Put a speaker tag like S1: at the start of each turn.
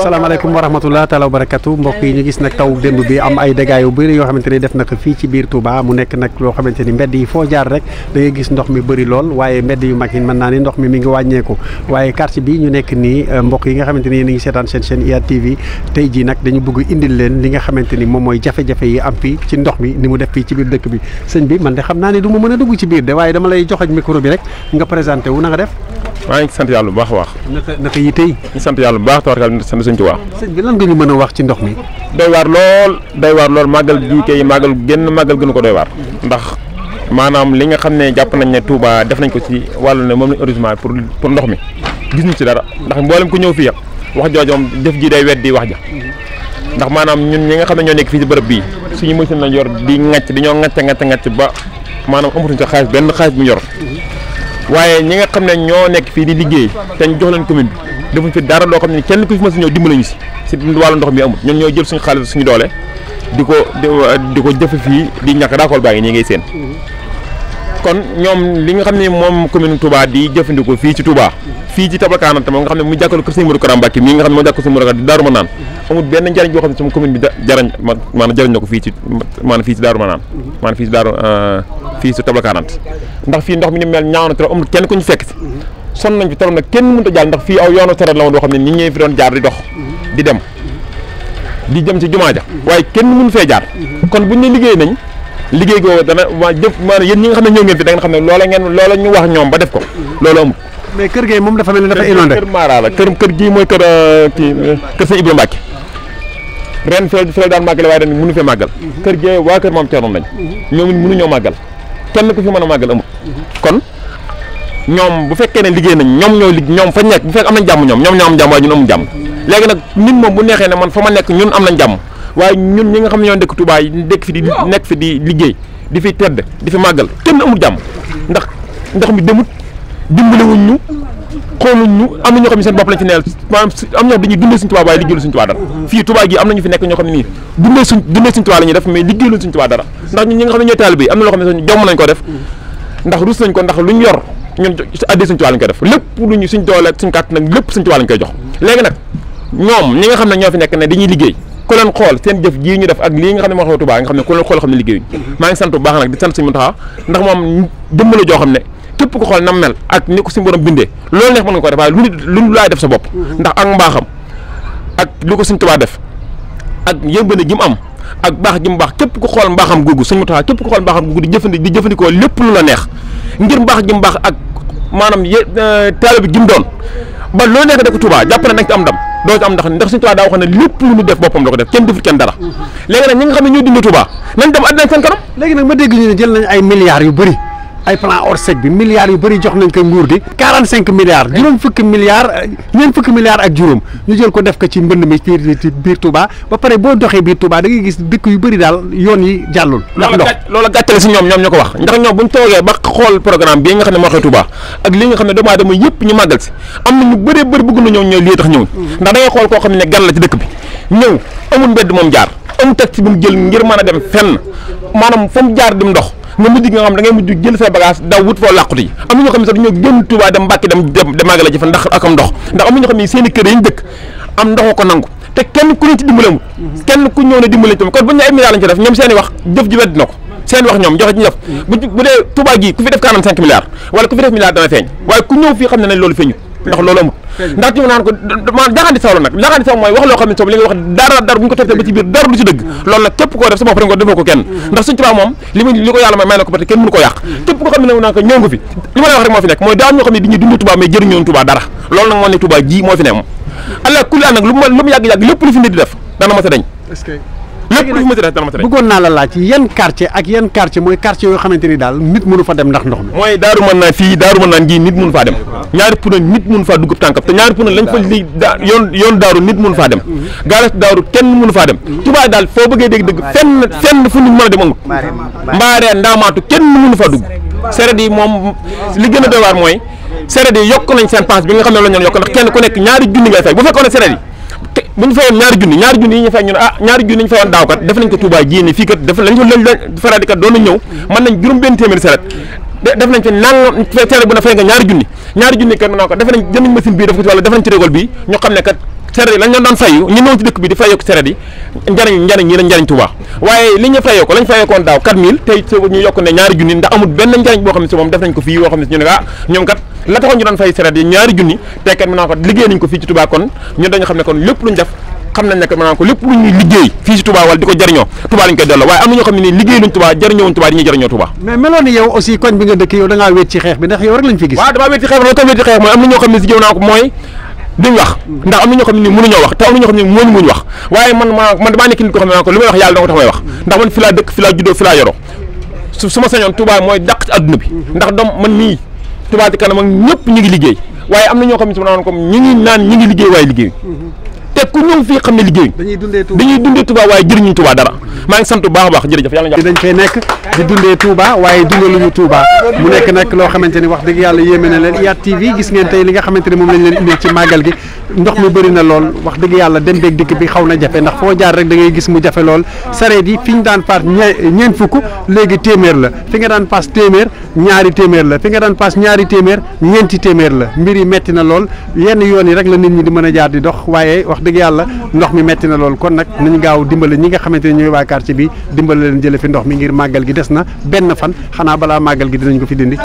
S1: salaamaaleykum wa rahmatulah taala wa barakatu mbokk yi ñu gis nag taw démb bi am ay dégâts yu bëri yoo xamante ni def na ko fii ci biir Touba mu nekk nag loo xamante ni mbedd yi foo jaar rek da ngay gis lool waaye mbedd yu mag yi mën naa ni ndox mi mi ngi wàññeeku waaye quartier bi ñu nekk nii euh, mbokk yi xamante ni yéen a ngi seetaan seen chaîne IYAT TV tey jii nag dañu bëgg indil leen li nga xamante ni moom mooy jafe-jafe yi am fii ci ndox mi ni mu def fii ci biir dëkk bi sëñ bi man de xam naa ni du ma mën a dugg ci biir de waaye dama lay joxaj micro bi rek nga présenté wu na nga def maa ngi sant yàlla bu baax a baax sëñ Tuubaa. sëñ bi lan nga ñu mën a wax ci ndox mi. doy waar lool doy waar
S2: lool màggal gii kay màggal génn màggal gënu ko doy waar. ndax maanaam li nga xam ne jàpp nañ ne Touba def nañ ko ci wàllu ne moom la heureusement pour pour ndox mi gis ñu ci dara ndax mboolem ko ñëw fii wax joojoom jëf ji day weddi wax ja ndax maanaam ñun ñi nga xam ne ñoo nekk fii ci bërëb bii suñu machine lañ yor di ŋàcc di ñoo ŋàcc ŋàcc ŋàcc ba maanaam amatuñ sa xaalis benn xaalis mu ñu yor waaye ñi nga xam ne ñoo nekk fii di liggéey te defuñ fi dara loo xam ne kenn ku fi mës a ñëw dimbali ñu si si wàllu ndox mi amul ñun ñooy jël suñu xaalis suñu doole di ko di ko jëfe fii di ñàkk raakool baa ngi nii ngay seen mhm. kon ñoom li nga xam ne moom commune Touba di jëfandikoo fii ci Touba fii ci Tabalkana tam xam ne mu jàkkaarloo kër Sëñ Modou Kara Mbacké mii nga xam ne moo jàkkaarloo Sëñ Modou Kara di Daaru Manaan mhm. amul benn njariñ boo xam ne sama commune ko fii ci maanaam fii ci Daaru Manaan mhm. fii ci Daaru euh, fii si Tabalkana ndax fii ndox mi ni mel ñaaw na te amul kenn ko ñu fekk si son nañ fi torop nag kenn mënut a jaar fii aw yoonu sareet la woon boo xam ne nit ñi fi doon jaar di dox di dem di jëm ci jumaa ja waaye kenn mënu fee jaar kon buñ ne liggéey nañ liggéey googu dana waa jëf maanaam yéen ñi nga xam ne ñëw ngeen da ngeen xam ne loola ngeen loola ñu wax ñoom ba def ko loolu kër gee moom dafa mel ni dafa inondé kër Mara la kër kër mooy kër euh, kii kër sëñ Ibrahima Mbacke ren fii fi la daan màggale waaye màggal kër gee waa kër maam Thierno lañ ñoom mënu ñoo màggal kenn ku fi mën a màggal amul kon ñoom bu fekkee ne liggéey nañ ñoom ñooy lig ñoom fa nekk bu fekk ñoom ñoom ñoo am jàmm waaye ñun ne man fa ma nekk ñun am nañ jàmm waaye ñun ñi nga xam ne ñoo dëkk Touba yi dëkk fi di nekk fi di liggéey di fi tedd di fi màggal kenn ndax ndox mi demut dimbalewuñ ñu xooluñ ñu am na ñoo xam ne seen am ñoo xam dañuy dundee suñ Touba waaye liggéeyul suñ Touba dara fii Touba gi am nañu fi nekk ñoo xam ne nii dundee suñ dundee suñ Touba la ñuy def mais liggéeyul suñ Touba ndax ñun ñi nga xam am na loo xam ne jomm nañ ko def ndax rus nañ ko ndax luñ yor ñun addee suñ tubaab lañ koy def lépp lu ñu suñ doole suñ kàtt nag lépp suñ tubaab lañ koy jox léegi nag ñoom ñi nga xam ne ñoo fi nekk ne dañuy liggéey ku leen xool seen jëf jii ñu def ak lii nga xam ne moo xew xam ne ku leen xool xam ne liggéeyuñ maa ngi sant bu baax xam ne képp ko xool nam mel ak ni ko suñu borom bindee loolu neex mën nga ko def waaye lu lu laay def sa bopp ndax ak mbaaxam ak li ko suñ Tuubaa def ak yëmbane gi mu am ak baax gi mu képp ko xool mbaaxam googu suñu Muntaxa képp ko xool mbaaxam jëfandi di jëfandikoo lépp lu la neex ngir mbaax gi mbaax ak maanaam yé euh, taalibe gi mu doon ba loo nekk def ko Touba jàpp na nag ci am ndam doo ci am ndax ndax suñu Touba daa wax ne lépp lu ñu def boppam la ko def kenn defut kenn dara mm-hmm. léegi nag ñi nga xam ne
S1: ñoo dindi Touba nañ dem àddina seen kanam léegi nag ma dégg ñu ne jël nañ ay milliards yu bëri ay plan Orsec bi milliards yu bëri jox nañ ko nguur gi. 45 milliards juróom fukki milliards ñeent fukki milliards ak juróom ñu jël ko def ko ci mbënd mi ci biir Touba ba pare boo doxee biir Touba da ngay gis dëkk yu bëri daal yoon yi jàllul. ndax ndox loola gàccale si ñoom ñoom ñoo ko wax ndax ñoom bu ñu toogee ba xool programme
S2: bii nga xam ne moo xew Touba ak lii nga xam ne doomu aadama yëpp ñu màggal si am na ñu bëree bëri bëgg na ñëw ñooy lii tax ñëw mm-hmm. ndax koo xam ne gan la ci dëkk bi ñëw amul mbedd moom jaar amul taxi mu jël ngir mën a dem fenn maanaam fa mu jaar dim ndox nga mujj nga xam da ngay mujj jël say bagage daw wut foo làquti yi am na ñoo xam ne sax dañoo génn Tuubaa dem Mbàkke dem dem màggale ji am ndox ko nangu te kenn ku ñu ci mhm. kenn ku ñëw ne dimbale tam kon bu ñu ay milliards lañ ci def ñoom seen i wax jëf ji wedd na ko seen wax ñoom joxe ci ñu mhm. bu dee Tuubaa gi ku fi def 45 milliards wala ku fi def milliards dana feeñ waaye ku ñëw fii xam ne nañ loolu feeñu ndax loolu amut ndax ci mu naan ko maanaam saw la nag jaxandi saw mooy wax loo xam ne soob li nga wax dara dara bu ñu ko toppee ba ci biir dara du ci dëgg mm-hmm. loolu nag képp koo def sa bopp ko defoo ko kenn mm-hmm. ndax suñu tubaab moom li mu mm-hmm. ne wax rek moo fi nekk mooy daa ñoo xam ne dañuy dund tubaab mais jëriñoon tubaab dara loolu nag moo ne tubaab ji moo fi ne
S1: allah kulli an nag lu mu yàgg-yàgg lépp lu fi nit dana ma sa dañ bëggoon naa la laaj yan quartier ak yan quartier mooy quartier yoo xamante ni daal nit mënu fa dem ndax ndox mooy daaru mën naan fii daaru mën naan gii nit mënu faa dem ñaari puna nit mënu faa dugg tànkam
S2: daal foo bëggee dégg dëgg fenn fenn fu nit mën a dem amut
S1: mbaaree
S2: ndaamaatu kenn mënu faa dugg seret yi moom li gën a doy mooy seret yi yokk nañ seen pass bi nga xam ne la ñoon yokk ndax kenn ku nekk ñaari junni ngay fay bu fekkoon ne seret bu ñu fayoon ñaari junni ñaari junni yi ñu fay ñu ne ah def nañ ko Touba jii nii fii kat def lañ ko lañ faraadi kat doon nañ ñëw nañ juróom nañ fi nañ jënd nañ ko ci wàllu xam ne kat ñu noonu ñaari junni ndax amul benn njariñ boo xam ne si moom def nañ ko fii yoo xam ne si ñu ne ah ñoom kat la taxoon ñu doon fay sereet yi ñaari junni tey kat maanaam ko liggéey nañ ko fii ci Touba kon ñun dañu xam ne kon lépp lu ñuy liggéey xam ne nii liggéey tax wéet ci xeex mooy am na ñoo xam ne si jëw naa ko mooy duñ wax ndax na ñoo xam ne nii mënuñoo na ñoo xam ne nii mënuñu wax waaye man maa man damaa nekk nit ko xam ne maa ko lu may wax yàlla da nga tax may wax ndax man fi dëkk fi juddoo fi yoroo su ma sañoon Touba mooy dàq ci àdduna bi ndax doom man mii Touba Ca Kanam ak ñëpp ñu ngi liggéey waaye am na ñoo xam ne su ma comme ñu ngi naan ñu ngi liggéey waaye liggéey te ku ñëw fii xam ne liggéey dañuy dundee Touba waaye jëriñu Touba dara maa ngi sant
S1: bu baax a baax jërëjëf yàlla dañ fay nekk di dundee Touba waaye dundaluñu Touba mu nekk nag loo xamante ni wax dëgg yàlla yéeme na leen IYAT TV gis ngeen tey li nga xamante ne moom lañ leen indil ci màggal gi ndox mi bari na lool wax dëgg yàlla dem beeg dikk bi xaw na jafe ndax foo jaar rek da ngay gis mu jafe lool sareet yi fi ñu daan paas ñeent fukk léegi téeméer la fi nga daan paas téeméer ñaari téeméer la fi nga daan paas ñaari téeméer ñeenti téeméer la mbir yi metti na lool yenn yoon yi rek la nit ñi di mën a jaar di dox waaye wax dëgg yàlla ndox mi metti na lool kon nag nañu gaaw dimbale ñi nga xamante ne ñooy waa quartier bi dimbale leen jële fi ndox mi ngir màggal gi des na benn fan xanaa balaa màggal gi dinañ ko fi dindi